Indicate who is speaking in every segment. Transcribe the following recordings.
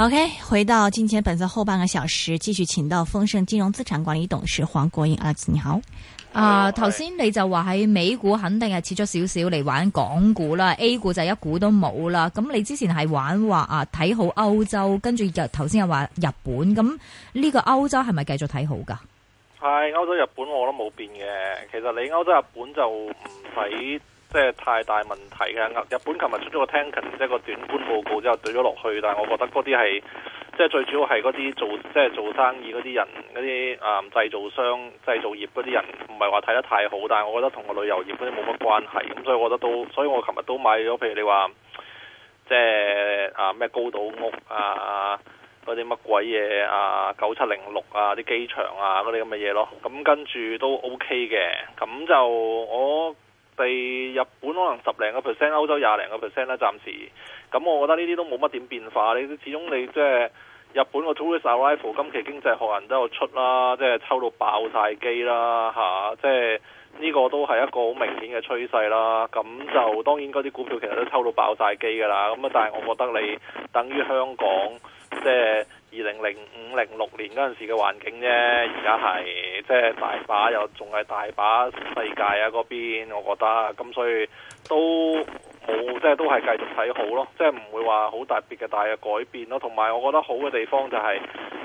Speaker 1: OK，回到金錢本色後半個小時，繼續請到豐盛金融資產管理董事黃國英，Alex，你好。Oh, is. 啊，頭先你就話喺美股肯定係切咗少少嚟玩港股啦，A 股就一股都冇啦。咁你之前係玩話啊睇好歐洲，跟住日頭先又話日本，咁呢個歐洲係咪繼續睇好噶？係、hey, 歐
Speaker 2: 洲、日本我都冇變嘅。其實你歐洲、日本就唔使。即係太大問題嘅，日本琴日出咗個 Tankan 即係個短觀報告之後對咗落去，但係我覺得嗰啲係即係最主要係嗰啲做即係做生意嗰啲人、嗰啲啊製造商、製造業嗰啲人唔係話睇得太好，但係我覺得同個旅遊業嗰啲冇乜關係，咁所以我覺得都，所以我琴日都買咗，譬如你話即係啊咩高島屋啊嗰啲乜鬼嘢啊九七零六啊啲機場啊嗰啲咁嘅嘢咯，咁、嗯、跟住都 OK 嘅，咁就我。第日本可能十零個 percent，歐洲廿零個 percent 啦，暫時。咁我覺得呢啲都冇乜點變化。始終你始終你即係日本個 tourist arrival 今期經濟學人都有出啦，即係抽到爆晒機啦吓，即係。呢個都係一個好明顯嘅趨勢啦，咁就當然嗰啲股票其實都抽到爆曬機㗎啦，咁啊但係我覺得你等於香港即係二零零五零六年嗰陣時嘅環境啫，而家係即係大把又仲係大把世界啊嗰邊，邊我覺得咁所以都冇即係都係繼續睇好咯，即係唔會話好特別嘅大嘅改變咯。同埋我覺得好嘅地方就係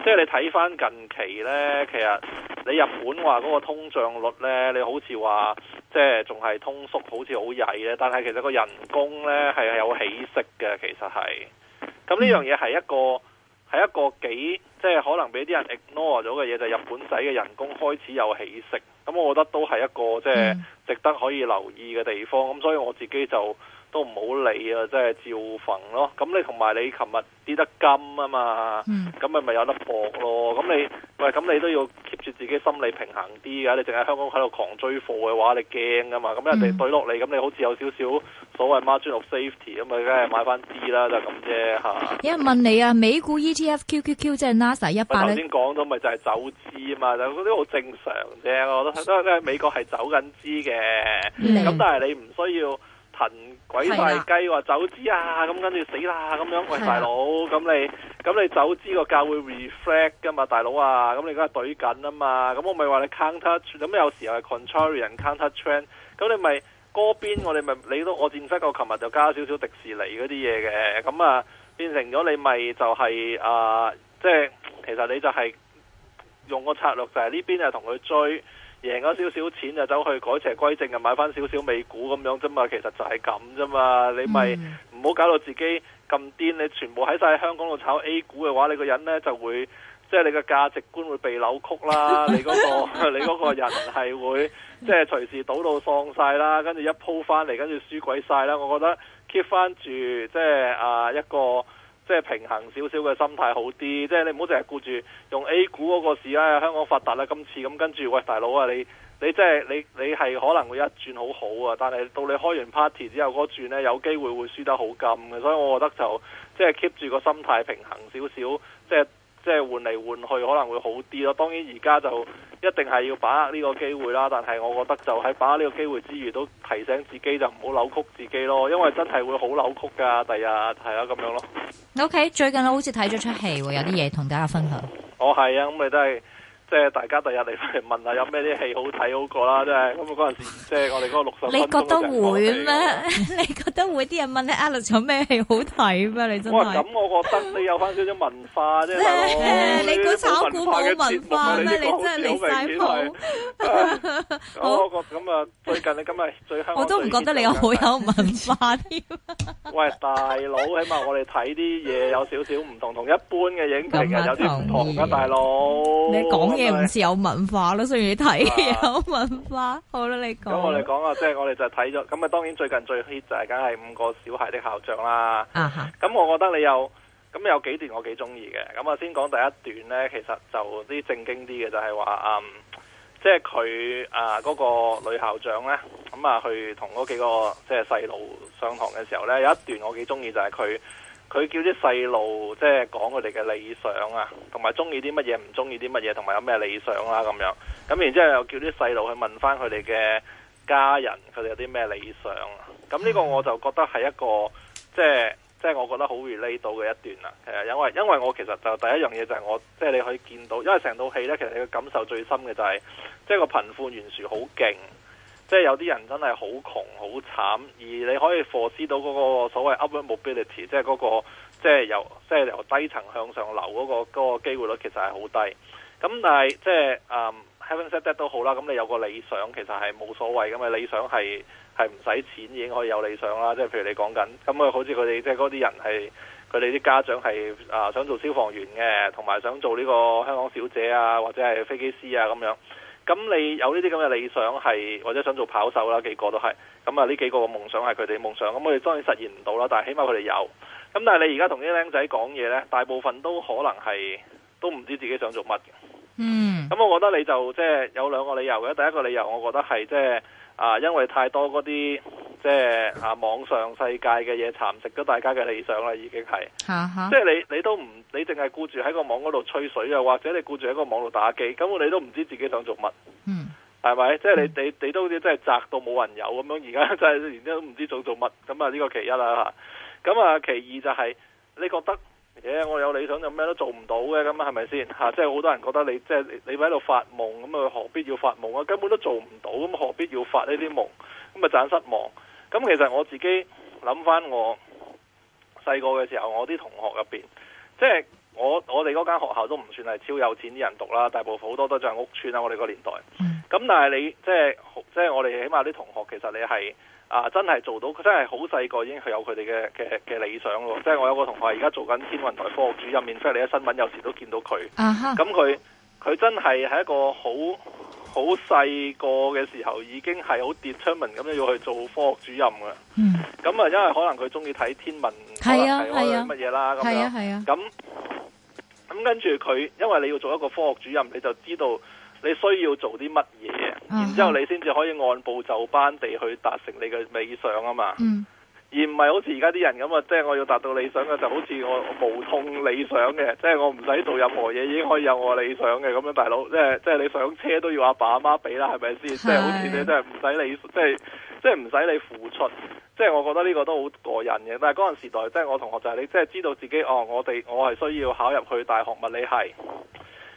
Speaker 2: 即係你睇翻近期呢，其實。你日本話嗰個通脹率呢，你好似話即係仲係通縮，好似好曳嘅。但係其實個人工呢，係有起色嘅，其實係。咁呢樣嘢係一個係一個幾即係可能俾啲人 ignore 咗嘅嘢，就係日本仔嘅人工開始有起色。咁我覺得都係一個即係值得可以留意嘅地方。咁所以我自己就。都唔好理啊，即係照瞓咯。咁你同埋你琴日跌得勁啊嘛，咁咪咪有得搏咯。咁你喂，咁你都要 keep 住自己心理平衡啲㗎。你淨係香港喺度狂追貨嘅話，你驚㗎嘛。咁人哋對落嚟，咁、嗯、你好似有少少所謂 margin of safety，嗯、啊咪梗係買翻啲啦，就咁啫嚇。
Speaker 1: 一問你啊，美股 ETFQQQ 即係 Nasdaq 100咧，頭先
Speaker 2: 講咗，咪就係走資啊嘛。但嗰啲好正常啫，我都因為咧美國係走緊資嘅，咁、嗯、但係你唔需要。騰鬼晒雞話走之啊，咁跟住死啦咁樣，喂大佬，咁你咁你走之個價會 reflect 噶嘛，大佬啊，咁你而家係對緊啊嘛，咁我咪話你 counter，u 咁有時候係 Contrarian，counter trend 咁你咪嗰邊我哋咪你都我見識過，琴日就加少少迪士尼嗰啲嘢嘅，咁啊變成咗你咪就係、是、啊，即、呃、係、就是、其實你就係用個策略就係呢邊啊同佢追。贏咗少少錢就走去改邪歸正，又買翻少少美股咁樣啫嘛，其實就係咁啫嘛。你咪唔好搞到自己咁癲，你全部喺晒香港度炒 A 股嘅話，你個人呢就會即係、就是、你嘅價值觀會被扭曲啦。 你嗰、那個你嗰個人係會即係、就是、隨時賭到喪晒啦，跟住一鋪翻嚟跟住輸鬼晒啦。我覺得 keep 翻住即係啊一個。即係平衡少少嘅心態好啲，即係你唔好淨係顧住用 A 股嗰個市啦、哎，香港發達啦今次咁，跟住喂大佬啊，你你即係你你係可能會一轉好好啊，但係到你開完 party 之後嗰轉呢，有機會會輸得好甘嘅，所以我覺得就即係 keep 住個心態平衡少少，即係。即係換嚟換去可能會好啲咯，當然而家就一定係要把握呢個機會啦。但係我覺得就喺把握呢個機會之餘，都提醒自己就唔好扭曲自己咯，因為真係會好扭曲噶。第日係啦咁樣咯。
Speaker 1: 你屋企，okay, 最近好似睇咗出戲喎，有啲嘢，同大家分享。
Speaker 2: 哦，係啊，咁你都係。即係大家第日嚟翻嚟問下有咩啲戲好睇好過啦，真係咁啊！嗰陣時即係我哋嗰個六十分。你覺得會咩？
Speaker 1: 你覺得會啲人問你 Alex 有咩戲好睇咩？你真係我咁，
Speaker 2: 我覺得你有翻少少文化啫。你估炒股冇文化咩？你真係離晒譜啦！我覺咁啊！最近你今日最香，我都唔覺得你好有
Speaker 1: 文化添。
Speaker 2: 喂，大佬，起碼我哋睇啲嘢有少少唔同，同一般嘅影評有啲唔同㗎，大佬。你講嘢。唔
Speaker 1: 似有文化咯，雖然你睇有文化。好啦，你講。咁我哋
Speaker 2: 講啊，即係我哋就睇咗，咁啊，當然最近最 hit 就係梗係五個小孩的校長啦。咁啊哈，我覺得你有咁有幾段我幾中意嘅。咁啊，先講第一段呢，其實就啲正經啲嘅，嗯，就係話啊，即係佢啊嗰個女校長呢。咁啊去同嗰幾個即係細路上堂嘅時候呢，有一段我幾中意，就係佢。佢叫啲細路即係講佢哋嘅理想啊，同埋中意啲乜嘢，唔中意啲乜嘢，同埋有咩理想啦咁樣。咁然之後又叫啲細路去問翻佢哋嘅家人，佢哋有啲咩理想啊？咁呢個我就覺得係一個即係即係我覺得好 relate 到嘅一段啦。誒，因為因為我其實就第一樣嘢就係我即係、就是、你可以見到，因為成套戲呢，其實你嘅感受最深嘅就係即係個貧富懸殊好勁。即係有啲人真係好窮好慘，而你可以駁施到嗰個所謂 upward mobility，即係嗰個即係由即係由低層向上流嗰個嗰個機會率其實係好低。咁但係即係嗯、um, having said that 都好啦，咁你有個理想其實係冇所謂，咁嘅理想係係唔使錢已經可以有理想啦。即係譬如你講緊咁、嗯、啊，好似佢哋即係嗰啲人係佢哋啲家長係啊想做消防員嘅，同埋想做呢個香港小姐啊，或者係飛機師啊咁樣。咁你有呢啲咁嘅理想，係或者想做跑手啦，幾個都係咁啊，呢幾個嘅夢想係佢哋嘅夢想，咁我哋當然實現唔到啦。但係起碼佢哋有。咁但係你而家同啲僆仔講嘢咧，大部分都可能係都唔知自己想做乜嘅。嗯。咁我覺得你就即係、就是、有兩個理由嘅。第一個理由，我覺得係即係。就是啊，因為太多嗰啲即係啊網上世界嘅嘢蠶食咗大家嘅理想啦，已經係，uh huh。即係你你都唔，你淨係顧住喺個網嗰度吹水啊，或者你顧住喺個網度打機，咁你都唔知自己想做乜，嗯、mm，係、hmm。咪？即係你、mm hmm。你你都好似真係宅到冇人有咁樣，而家真係，然之都唔知做做乜，咁啊呢個其一啦，咁啊，啊其二就係、是、你覺得。而且、yeah, 我有理想就咩都做唔到嘅，咁啊係咪先吓？即係好多人覺得你即係、就是、你喺度發夢，咁啊何必要發夢啊？根本都做唔到，咁何必要發呢啲夢？咁啊盞失望。咁、嗯、其實我自己諗翻我細個嘅時候，我啲同學入邊，即係我我哋嗰間學校都唔算係超有錢啲人讀啦，大部分好多都就係屋邨啦。我哋嗰年代，咁但係你即係即係我哋起碼啲同學，其實你係。啊！真係做到，佢真係好細個已經有佢哋嘅嘅嘅理想喎。即係我有個同學而家做緊天文台科學主任，面出嚟喺新聞有時都見到佢。啊哈！咁佢佢真係喺一個好好細個嘅時候已經係好 determined 咁樣要去做科學主任嘅。嗯。咁啊、嗯，因為可能佢中意睇天文，係啊係啊乜嘢啦咁，咁跟住佢，因為你要做一個科學主任，你就知道你需要做啲乜嘢。然之後你先至可以按部就班地去達成你嘅理想啊嘛，嗯、而唔係好似而家啲人咁啊，即係我要達到理想嘅就好似我無痛理想嘅，即係我唔使做任何嘢已經可以有我理想嘅咁樣，大佬即係即係你上車都要阿爸阿媽俾啦，係咪先？即係是好似你真係唔使你即係即係唔使你付出，即係我覺得呢個都好過癮嘅。但係嗰陣時代即係我同學就係你即係知道自己哦，我哋我係需要考入去大學物理系。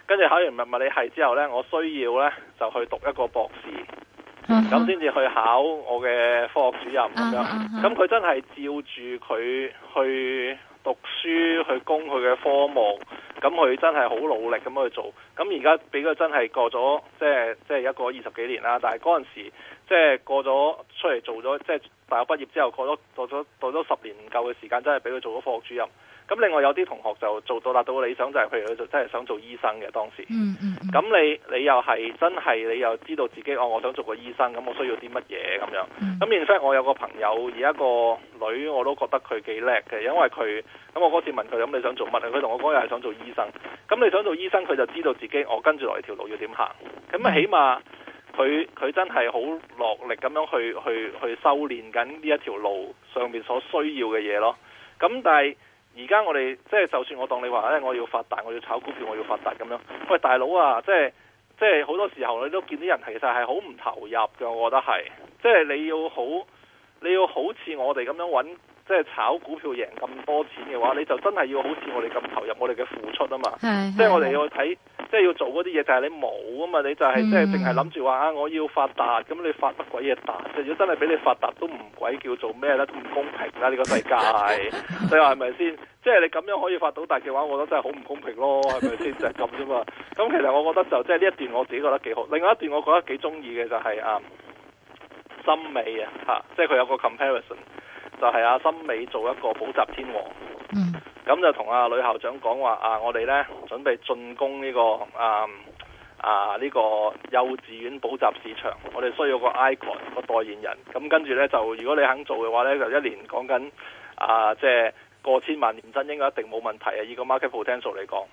Speaker 2: 跟住考完物物理系之後呢，我需要呢就去讀一個博士，
Speaker 3: 咁先
Speaker 2: 至去考我嘅科學主任咁樣。咁佢真係照住佢去讀書去供佢嘅科目，咁佢真係好努力咁去做。咁而家畀佢真係過咗，即係即係一個二十幾年啦。但係嗰陣時。即係過咗出嚟做咗，即係大學畢業之後過咗，過咗過咗十年唔夠嘅時間，真係俾佢做咗科學主任。咁另外有啲同學就做到達到理想、就是，就係譬如佢就真係想做醫生嘅當時。
Speaker 3: 嗯，咁
Speaker 2: 你你又係真係你又知道自己哦，我想做個醫生，咁我需要啲乜嘢咁樣？咁現在，我有個朋友而家個女，我都覺得佢幾叻嘅，因為佢咁我嗰次問佢咁、嗯、你想做乜？佢同我講又係想做醫生。咁你想做醫生，佢就知道自己我跟住落嚟條路要點行。咁啊，起碼。佢佢真係好落力咁樣去去去修練緊呢一條路上面所需要嘅嘢咯。咁但係而家我哋即係就算我當你話咧、哎，我要發達，我要炒股票，我要發達咁樣。喂，大佬啊，即係即係好多時候你都見啲人其實係好唔投入嘅，我覺得係。即係你要好，你要好似我哋咁樣揾，即係炒股票贏咁多錢嘅話，你就真係要好似我哋咁投入，我哋嘅付出啊嘛。係係。即係我哋要去睇。即係要做嗰啲嘢，但係你冇啊嘛，你就係即係淨係諗住話啊，我要發達，咁你發乜鬼嘢達？如果真係俾你發達都唔鬼叫做咩咧？唔公平啦！呢個世界，你話係咪先？即係你咁樣可以發到達嘅話，我覺得真係好唔公平咯，係咪先？就係咁啫嘛。咁其實我覺得就即係呢一段我自己覺得幾好。另外一段我覺得幾中意嘅就係啊，森美啊，嚇，即係佢有個 comparison，就係啊，森美做一個補習天王。嗯，咁就同阿呂校長講話啊，我哋咧準備進攻呢、這個啊啊呢、這個幼稚園補習市場，我哋需要個 icon 個代言人，咁跟住咧就如果你肯做嘅話咧，就一年講緊啊即係、就是、過千萬年薪應該一定冇問題啊，以個 market potential 嚟講。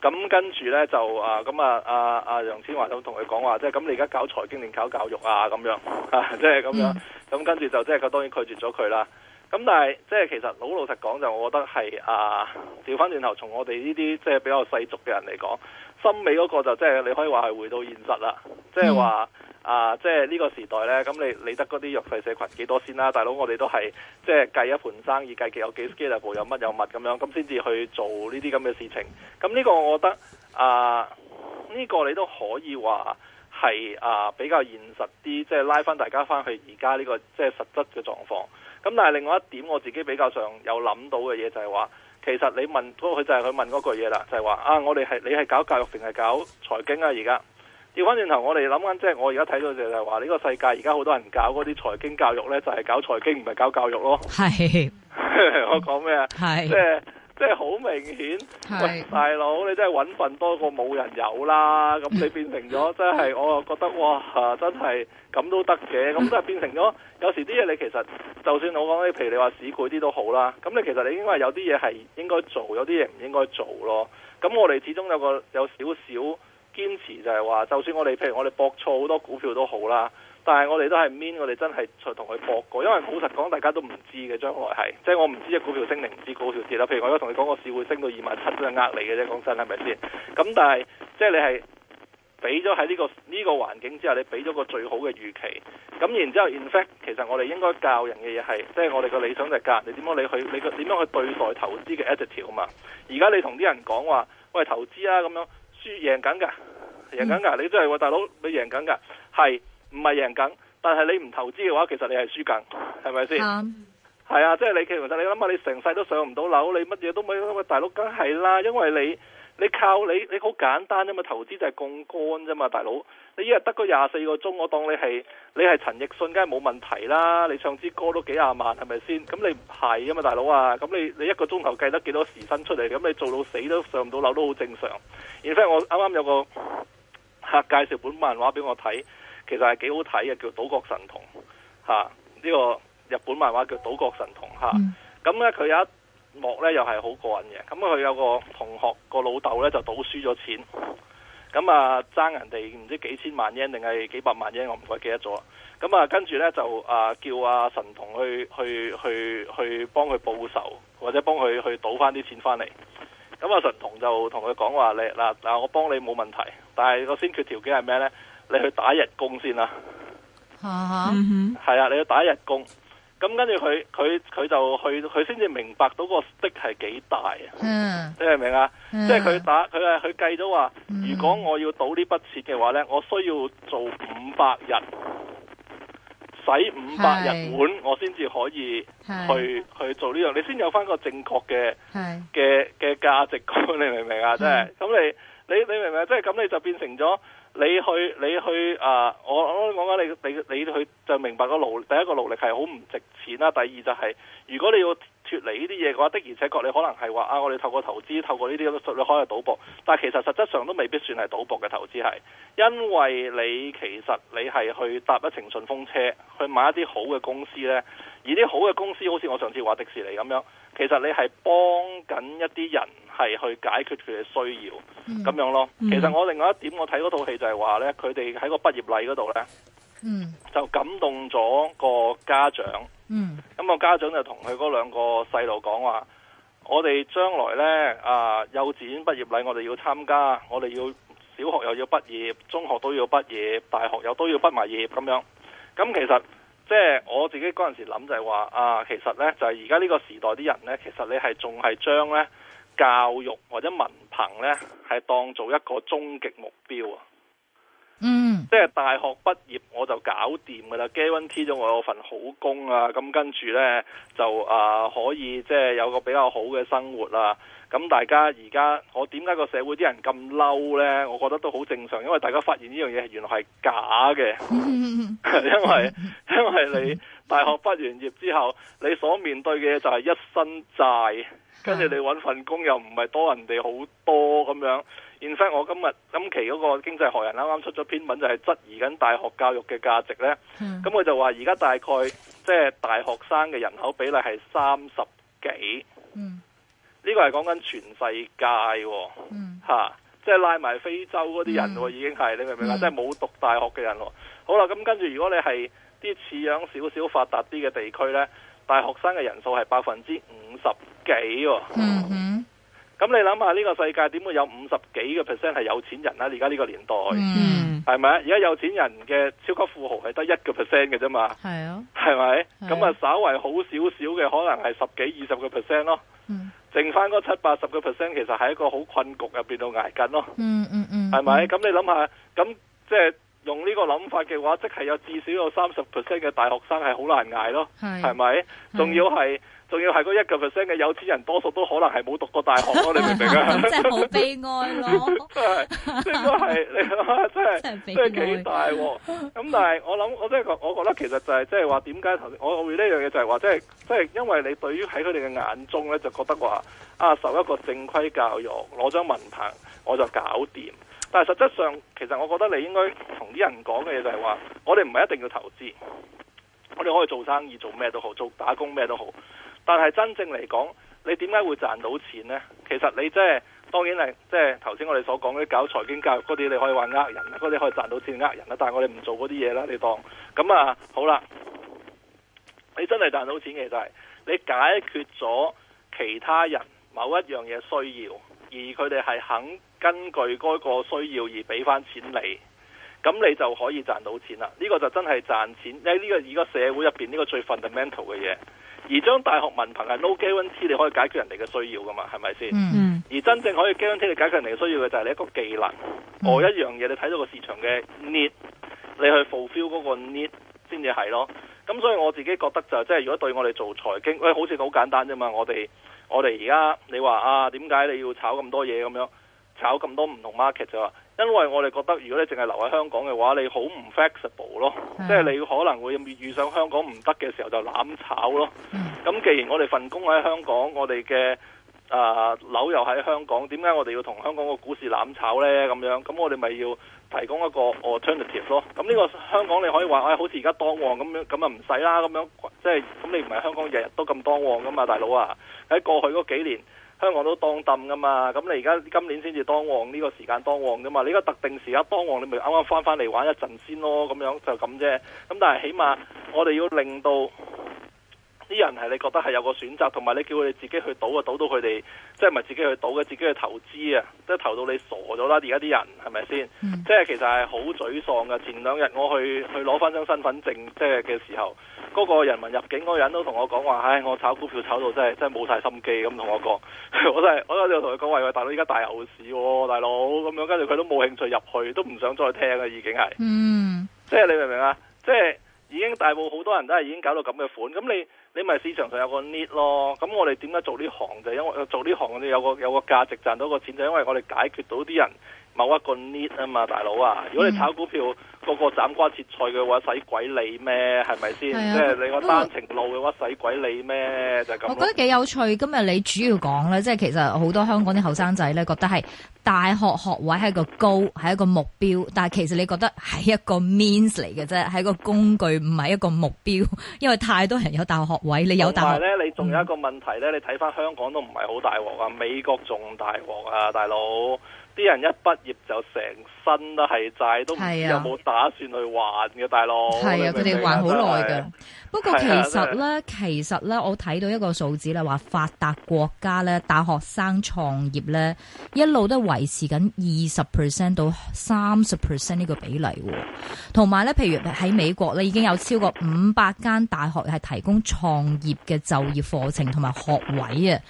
Speaker 2: 咁、啊啊啊啊、跟住咧就啊咁啊阿阿楊千嬅就同佢講話，即係咁你而家搞財經定搞教育啊咁樣啊，即係咁樣，咁跟住就即係佢當然拒絕咗佢啦。咁但係，即係其實老老實講，就我覺得係啊。調翻轉頭，從我哋呢啲即係比較世俗嘅人嚟講，森美嗰個就即係你可以話係回到現實啦。即係話啊，即係呢個時代咧，咁你理得嗰啲弱勢社群幾多先啦、啊？大佬，我哋都係即係計一盤生意，計，計有幾 scalable 有乜有乜咁樣，咁先至去做呢啲咁嘅事情。咁呢個我覺得啊，呢、這個你都可以話係啊，比較現實啲，即、就、係、是、拉翻大家翻去而家呢個即係、就是、實質嘅狀況。咁但係另外一點，我自己比較上有諗到嘅嘢就係話，其實你問，不過佢就係佢問嗰句嘢啦，就係、是、話啊，我哋係你係搞教育定係搞財經啊？而家調翻轉頭，我哋諗緊即係我而家睇到就係話，呢、這個世界而家好多人搞嗰啲財經教育呢，就係、是、搞財經唔係搞教育咯。係， 我講咩啊？即係。即係好明顯，是喂大佬，你真係揾份多過冇人有啦，咁你變成咗，真係 我覺得哇，真係咁都得嘅，咁都係變成咗。有時啲嘢你其實就算我講啲，譬如你話市儈啲都好啦，咁你其實你應該有啲嘢係應該做，有啲嘢唔應該做咯。咁我哋始終有個有少少堅持，就係話，就算我哋譬如我哋博錯好多股票都好啦。但係我哋都係 mean，我哋真係同佢搏過，因為老實講，大家都唔知嘅將來係，即係我唔知隻股票升定唔知股票跌啦。譬如我而家同你講個市會升到二萬七，都係呃你嘅啫、這個，講真係咪先？咁但係即係你係俾咗喺呢個呢個環境之下，你俾咗個最好嘅預期。咁然之後，in fact，其實我哋應該教人嘅嘢係，即係我哋個理想就係教人。你點樣你去？你點樣去對待投資嘅 attitude 啊嘛？而家你同啲人講話，喂，投資啊，咁樣輸贏緊噶，贏緊噶，你都係話大佬你贏緊噶，係。唔係贏緊，但係你唔投資嘅話，其實你係輸緊，係咪先？係、嗯、啊，即係你其實你諗下，你成世都上唔到樓，你乜嘢都冇，大佬梗係啦，因為你你靠你你好簡單啫嘛，投資就係槓桿啫嘛，大佬你一日得個廿四個鐘，我當你係你係陳奕迅，梗係冇問題啦，你唱支歌都幾廿萬，係咪先？咁你唔係啊嘛，大佬啊，咁你你一個鐘頭計得幾多時薪出嚟？咁你做到死都上唔到樓都好正常。然後我啱啱有個客、啊、介紹本漫畫俾我睇。其實係幾好睇嘅，叫《賭國神童》吓、啊、呢、這個日本漫畫叫《賭國神童》吓、啊。咁呢，佢有一幕呢又係好過癮嘅。咁、啊、佢有個同學個老豆呢就賭輸咗錢，咁啊爭人哋唔知幾千萬 yen 定係幾百萬 yen，我唔鬼記得咗。咁啊跟住呢就啊叫阿神童去去去去幫佢報仇，或者幫佢去賭翻啲錢翻嚟。咁、啊、阿神童就同佢講話，你嗱嗱、啊、我幫你冇問題，但係個先決條件係咩呢？你去打日工先啦，啊，係啊，你去打日工，咁跟住佢佢佢就去，佢先至明白到個的係幾大，嗯，你明唔明啊？即係佢打，佢係佢計咗話，如果我要賭呢筆錢嘅話呢，我需要做五百日，洗五百日碗，我先至可以去去做呢樣，你先有翻個正確嘅嘅嘅價值觀，你明唔明啊？即係咁你你明唔明？即係咁你就變成咗。你去，你去啊！我我講緊你，你你去就明白個勞。第一個勞力係好唔值錢啦。第二就係如果你要。脫離呢啲嘢嘅話，的而且確你可能係話啊，我哋透過投資透過呢啲咁嘅術，你可以賭博，但係其實實質上都未必算係賭博嘅投資，係因為你其實你係去搭一程順風車去買一啲好嘅公司咧，而啲好嘅公司好似我上次話迪士尼咁樣，其實你係幫緊一啲人係去解決佢嘅需要咁、嗯、樣咯。嗯、其實我另外一點我，我睇嗰套戲就係話咧，佢哋喺個畢業禮嗰度咧。嗯，mm. 就感動咗個家長。嗯，咁個家長就同佢嗰兩個細路講話：mm. 我哋將來呢啊，幼稚園畢業禮我哋要參加，我哋要小學又要畢業，中學都要畢業，大學又都要畢埋業咁樣。咁其實即係、就是、我自己嗰陣時諗就係話啊，其實呢，就係而家呢個時代啲人呢，其實你係仲係將呢教育或者文憑呢，係當做一個終極目標啊。嗯，即係大學畢業我就搞掂噶啦 guarantee 咗我有份好工啊，咁跟住呢，就啊、呃、可以即係有個比較好嘅生活啦、啊。咁大家而家我點解個社會啲人咁嬲呢？我覺得都好正常，因為大家發現呢樣嘢原來係假嘅， 因為因為你大學畢完業之後，你所面對嘅嘢就係一身債。跟住你揾份工又唔係多人哋好多咁樣，a c t 我今日今期嗰個經濟學人啱啱出咗篇文，就係、是、質疑緊大學教育嘅價值呢。咁佢、嗯嗯嗯、就話而家大概即係、就是、大學生嘅人口比例係三十幾，呢、這個係講緊全世界喎、哦。即係、嗯啊就是、拉埋非洲嗰啲人喎、哦，已經係你明唔明啊？即係冇讀大學嘅人喎。好啦，咁跟住如果你係啲似樣少少發達啲嘅地區呢。大學生嘅人數係百分之五十幾喎。嗯咁你諗下呢個世界點會有五十幾個 percent 係有錢人咧、啊？而家呢個年代，嗯、mm，係、hmm. 咪？而家有錢人嘅超級富豪係得、嗯、一個 percent 嘅啫嘛。係
Speaker 3: 咯。係
Speaker 2: 咪？咁啊，稍為好少少嘅可能係十幾二十個 percent 咯。剩翻嗰七八十個 percent 其實係一個好困局入邊度捱緊咯。嗯
Speaker 3: 係咪？咁、嗯嗯、你諗
Speaker 2: 下，咁即係。用呢個諗法嘅話，即係有至少有三十 percent 嘅大學生係好難捱咯，係咪？仲要係仲要係嗰一個 percent 嘅有錢人多數都可能係冇讀過大學咯，你明唔明啊？好 悲哀咯 是，即係都係你真係是 真係是幾大喎。咁、 嗯、但係我諗，我真係覺，我覺得其實就係即係話點解頭先我會呢樣嘢，就係話即係即係因為你對於喺佢哋嘅眼中咧，就覺得話啊，受一個正規教育攞張文憑我就搞掂。但係實質上，其實我覺得你應該同啲人講嘅嘢就係話，我哋唔係一定要投資，我哋可以做生意做咩都好，做打工咩都好。但係真正嚟講，你點解會賺到錢呢？其實你即係當然係即係頭先我哋所講嗰啲搞財經教育嗰啲，你可以話呃人啊，嗰啲可以賺到錢呃人啊。但係我哋唔做嗰啲嘢啦，你當咁啊好啦。你真係賺到錢嘅就係你解決咗其他人某一樣嘢需要，而佢哋係肯，根據嗰個需要而俾翻錢嚟，咁你就可以賺到錢啦。呢個就真係賺錢。誒，呢個而家社會入邊呢個最 fundamental 嘅嘢，而將大學文憑係 no guarantee，你可以解決人哋嘅需要噶嘛？係咪先？嗯、mm hmm. 而真正可以 guarantee 你解決人哋嘅需要嘅就係你一個技能，我一樣嘢，你睇到個市場嘅 need，你去 fulfil 嗰個 need 先至係咯。咁所以我自己覺得就係，即係如果對我哋做財經，喂，好似好簡單啫嘛。我哋我哋而家你話啊，點解你要炒咁多嘢咁樣？炒咁多唔同 market 就話，因為我哋覺得如果你淨係留喺香港嘅話，你好唔 flexible 咯，即係你可能會遇上香港唔得嘅時候就攬炒咯。咁既然我哋份工喺香港，我哋嘅啊樓又喺香港，點解我哋要同香港個股市攬炒呢？咁樣咁我哋咪要提供一個 alternative 咯。咁呢個香港你可以話，哎好似而家當旺咁樣，樣，咁啊唔使啦咁樣，即係咁你唔係香港日日都咁當旺噶嘛，大佬啊！喺過去嗰幾年。香港都當氈㗎嘛，咁你而家今年先至當旺呢個時間當旺啫嘛，你而家特定時間當旺，你咪啱啱翻返嚟玩一陣先咯，咁樣就咁啫。咁但係起碼我哋要令到。啲人係你覺得係有個選擇，同埋你叫佢哋自己去賭嘅，賭到佢哋即係咪自己去賭嘅，自己去投資啊，即係投到你傻咗啦！而家啲人係咪先？嗯、即係其實係好沮喪㗎。前兩日我去去攞翻張身份證即係嘅時候，嗰、嗰個人民入境嗰人都同我講話：唉、哎，我炒股票炒到真係真係冇晒心機咁，同我講、 就是。我真係我嗰陣又同佢講話：喂，大佬，而家大牛市喎，大佬咁樣，跟住佢都冇興趣入去，都唔想再聽喇，已經係。嗯。即係你明唔明啊？即係已經大部好多人都係已經搞到咁嘅款，咁你。你咪市場上有個 need 咯，咁我哋點解做呢行？就因為做呢行，我哋有個有個價值，賺到個錢。就因為我哋解決到啲人，某一個 need 啊嘛，大佬啊！如果你炒股票，個、嗯、個斬瓜切菜嘅話，使鬼理咩？係咪先？的即係你個單程路嘅話，使鬼理咩？就係咁。我覺得幾
Speaker 1: 有趣，今日你主要講咧，即係其實好多香港啲後生仔咧，覺得係大學學位係一個 goal，係一個目標。但係其實你覺得係一個 means 嚟嘅啫，係一個工具，唔係一個目標。因為太多人有大學學位，你有大學。唔係咧，
Speaker 2: 你仲有一個問題咧，嗯、你睇翻香港都唔係好大鑊啊，美國仲大鑊啊，大佬。啲人一畢業就成身都係債，都冇打算去還嘅，大佬。係啊，佢哋還好耐㗎。是不過其實咧，
Speaker 1: 啊、其實咧，我睇到一個數字咧，話發達國家咧，大學生創業咧，一路都維持緊二十 percent 到三十 percent 呢個比例。同埋咧，譬如喺美國咧，已經有超過五百間大學係提供創業嘅就業課程同埋學位啊。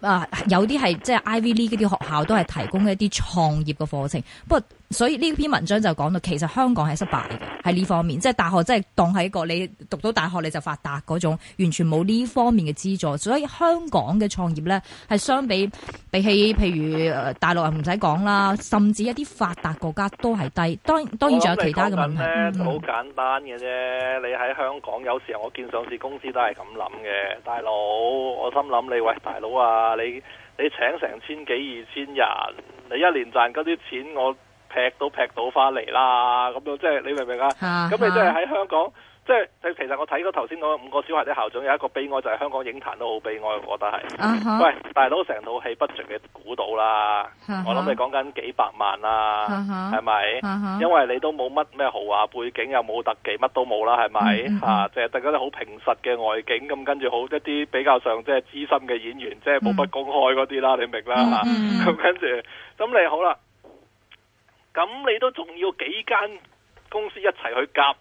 Speaker 1: 啊，uh, 有啲係即係 Ivy League 呢啲學校都係提供一啲創業嘅課程，不過。所以呢篇文章就講到，其實香港係失敗嘅喺呢方面，即係大學真係當係一個你讀到大學你就發達嗰種，完全冇呢方面嘅資助。所以香港嘅創業咧，係相比比起譬如大陸人唔使講啦，甚至一啲發達國家都係低。當當然仲有其他嘅問題，好、嗯、簡
Speaker 2: 單嘅啫，嗯、你喺香港有時候我見上市公司都係咁諗嘅，大佬，我心諗你喂，大佬啊，你你請成千幾二千人，你一年賺嗰啲錢我。劈都劈到翻嚟啦，咁樣即係你明唔明啊？咁你即係喺香港，即係其實我睇到頭先講五個小孩的校長有一個悲哀就係香港影壇都好悲哀，我覺得係。喂，大佬成套戲不著嘅估到啦，
Speaker 3: 我諗你
Speaker 2: 講緊幾百萬啦，係咪？因為你都冇乜咩豪華背景，又冇特技，乜都冇啦，係咪？吓，即係大家都好平實嘅外景，咁跟住好一啲比較上即係資深嘅演員，即係冇乜公開嗰啲啦，你明啦。咁跟住，咁你好啦。咁你都仲要幾間公司一齊去夾？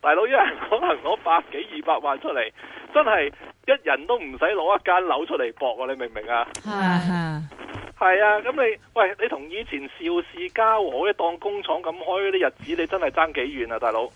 Speaker 2: 大佬一人可能攞百幾、二百萬出嚟，真係一人都唔使攞一間樓出嚟搏，啊，你明唔明啊？係係係啊！咁你喂，你同以前邵氏嘉禾嗰當工廠咁開嗰啲日子，你真係爭幾遠啊，大佬？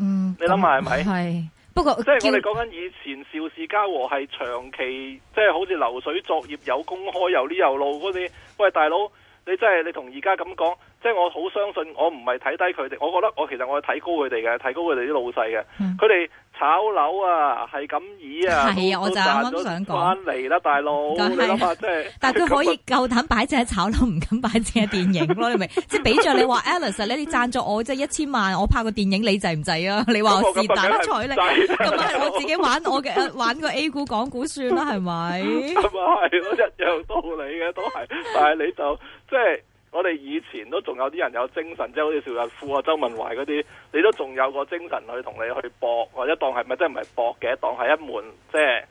Speaker 2: 嗯，
Speaker 3: 你諗下係咪？係、嗯、不過即係我哋講緊
Speaker 2: 以前邵氏嘉禾係長期，即係好似流水作業、有工開、有呢有路嗰啲。喂，大佬，你真係你同而家咁講？即係我好相信，我唔係睇低佢哋，我覺得我其實我係睇高佢哋嘅，睇高佢哋啲老細嘅。佢哋、嗯、炒樓啊，係咁以啊，係啊，我就啱啱想講，賺咗翻嚟啦，大佬。咁對你諗法即係，就是、但係佢可以
Speaker 1: 夠膽擺正炒樓，唔敢擺正電影咯， 你明，即係俾着你話 ，Alice 咧，你贊助我即係一千萬，我拍個電影你制唔制啊？你話 我是但彩鈴，咁啊係我自己玩我嘅，玩個 A 股港股算啦，係咪？咁啊係咯，一樣道
Speaker 2: 理嘅都係，但係你就即係。我哋以前都仲有啲人有精神，即係好似邵逸夫啊、周文懷嗰啲，你都仲有個精神去同你去搏，或者當係咪即係唔係搏嘅？當係一門，即係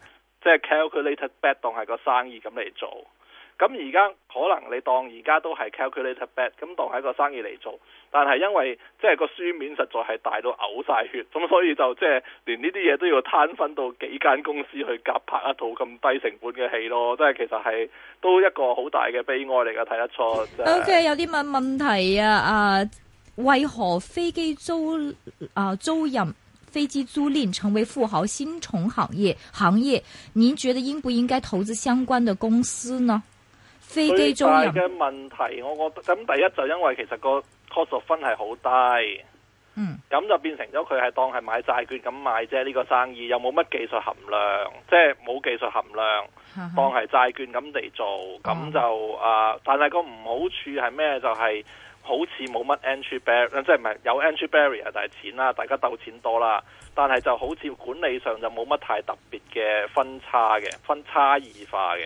Speaker 2: 即係，calculated bet，當係個生意咁嚟做。咁而家可能你當而家都係 calculated bet，咁當係一個生意嚟做。但係因為即係、即係、個書面實在係大到嘔晒血，咁所以就即係連呢啲嘢都要攤分到幾間公司去夾拍一套咁低成本嘅戲咯，即係其實係都一個好大嘅悲哀嚟噶，睇得出。即係、OK，有
Speaker 1: 啲問問題啊，啊，為何飛機租啊租賃飛機租賃成為富豪新寵行業？行業，您覺得應唔應該投資相關嘅公司呢？中最大嘅
Speaker 2: 問題，我覺得咁第一就因為其實個 cost of fund 係好低，嗯，咁就變成咗佢係當係買債券咁買啫，呢、這個生意又冇乜技術含量，即係冇技術含量，呵呵當係債券咁嚟做，咁就、哦、啊，但係個唔好處係咩？就係、是、好似冇乜 entry barrier，即係唔係有 entry barrier，但係錢啦，大家鬥錢多啦，但係就好似管理上就冇乜太特別嘅分差嘅，分差異化嘅。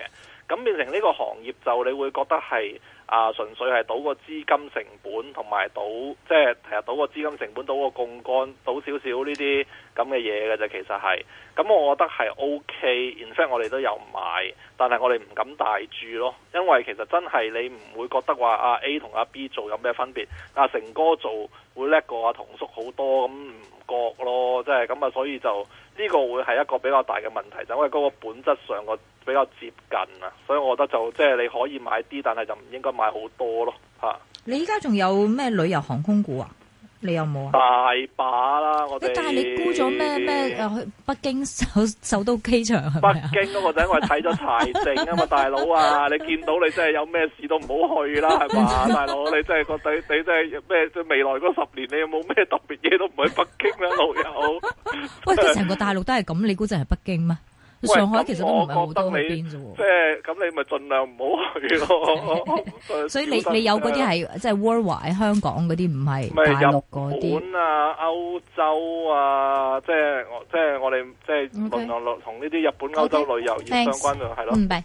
Speaker 2: 咁變成呢個行業就你會覺得係啊，純粹係賭個資金成本同埋賭，即係其實賭個資金成本，賭個槓桿，賭少少呢啲咁嘅嘢嘅啫，其實係。咁我覺得係 OK，in fact 我哋都有買，但係我哋唔敢大注咯，因為其實真係你唔會覺得話阿 A 同阿 B 做有咩分別，阿成哥做會叻過阿同叔好多，咁唔覺咯，即係咁啊，所以就呢個會係一個比較大嘅問題，就因為嗰個本質上個比較接近啊，所以我覺得就即係你可以買啲，但係就唔應該買好多咯，嚇。
Speaker 1: 你依家仲有咩旅遊航空股啊？你有冇啊？大
Speaker 2: 把啦，我哋。但係你估咗咩咩？去
Speaker 1: 北京首首都機場
Speaker 2: 係咪啊？北京嗰個仔我睇咗柴靜啊嘛， 大佬啊！你見到你真係有咩事都唔好去啦，係嘛， 大佬你真係覺得你真係咩？未來嗰十年你有冇咩特別嘢，都唔去北京啦，老友。
Speaker 1: 喂，即成 個大陸都係咁，你估真係北京咩？喂上海其實都唔係好多呢
Speaker 2: 邊啫喎，即係咁你咪盡量唔好去咯。所以你你有嗰啲係
Speaker 1: 即係 Worldwide 香港嗰啲，唔係大陸嗰啲，日
Speaker 2: 本啊，歐洲啊，即係即係我哋即係同同同呢啲日本歐洲旅遊而相關嘅係咯。Okay.
Speaker 3: 了